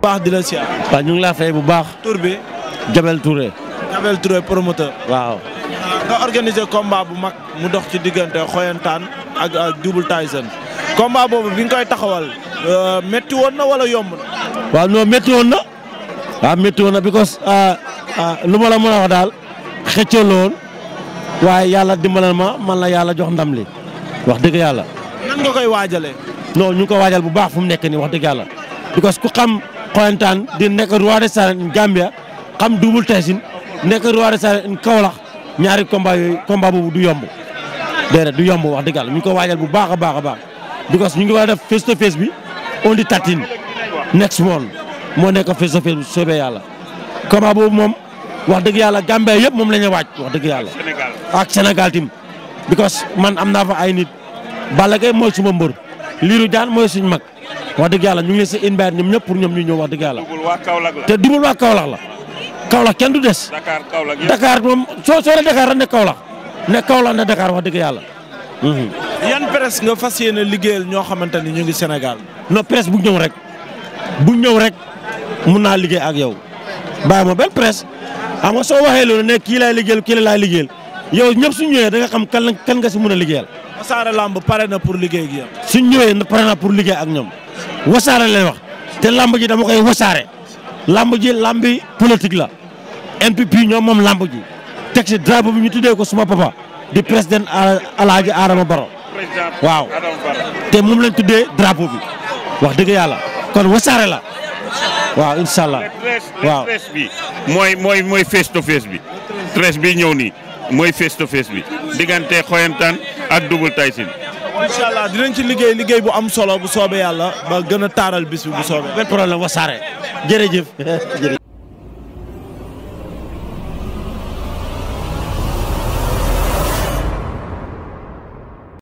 baax di la siyaar. waaw ñu ngi laa fay bu baax. tur bi. Jabel Touré. Jabel Touré promoteur. waaw. nga organiser combat bu mag mu dox ci diggante Xoyantaan ak ak Double Tyson combat boobu bi nga koy taxawal euh, métti woon na wala yomb na. waaw non métti woon na. waaw métti woon na because euh, euh, lu ma la mën a wax daal xëccoo la waaye yàlla dimbalal ma man la yàlla jox ndam li wax dëgg yàlla. nan nga koy waajalee. non ñu ngi ko waajal bu baax fu mu nekk nii wax dëgg yàlla Xoyantaan di nekk roi des arènes Gambia xam Double Tyson nekk roi des arènes Kaolack ñaari combat yooyu combat du yomb déedéet du yomb wax dëgg yàlla ñu ngi ko waajal bu baax a baax a baax because ñu ngi war a def face to bi on di tatin next month moo nekk face to face soobee yàlla combat boobu moom wax dëgg yàlla Gambia yëpp moom la ñu waaj wax dëgg yàlla ak senegal tim because man am naa fa ay nit Balla Gaye mooy suma mbër Lirou Diane mooy suñ mag wax dëgg yàlla ñu ngi leen si invité ñoom ñëpp pour ñoom ñu ñëw wax dëgg yàlla. te dubul waa Kaolack la. Kaolack kenn du des. Dakar Kaolack yëpp Dakar moom soo soo ne Dakar ne Kaolack ne Kaolack ne Dakar wax dëgg yàlla. Mhm. yan presse nga fas yéene liggéeyal ñoo xamante ni ñu ngi Sénégal. non presse bu ñëw rek bu ñëw rek mun naa liggéey ak yow bàyyi ma benn presse xam nga soo waxee loolu ne kii laay liggéeyal kii la laay liggéeyal yow ñëpp suñu ñëwee da nga xam kan kan nga si mun a liggéeyal. Wassare Lamb par na pour liggéey ak yow. ñëwee pare na pour liggéey ak ñoom wasaare lay wax te lamb ji dama koy wasaare lamb ji lambi politique la NPP ñoom moom lamb ji teg ci bi ñu tuddee ko suma papa di président Alaaji Adama Baro waaw te moom lañ tuddee drapeau bi wax dëgg yàlla kon wasaare la waaw incha waaw mooy mooy mooy face to bi treize bi ñëw nii mooy face to bi diggante xoyantaan ak double Tyson incha allah dinañ ci liggéey liggéey bu am solo bu soobee yàlla ba gën a taaral bis bi bu soobee. benn problème wasaare jërëjëf.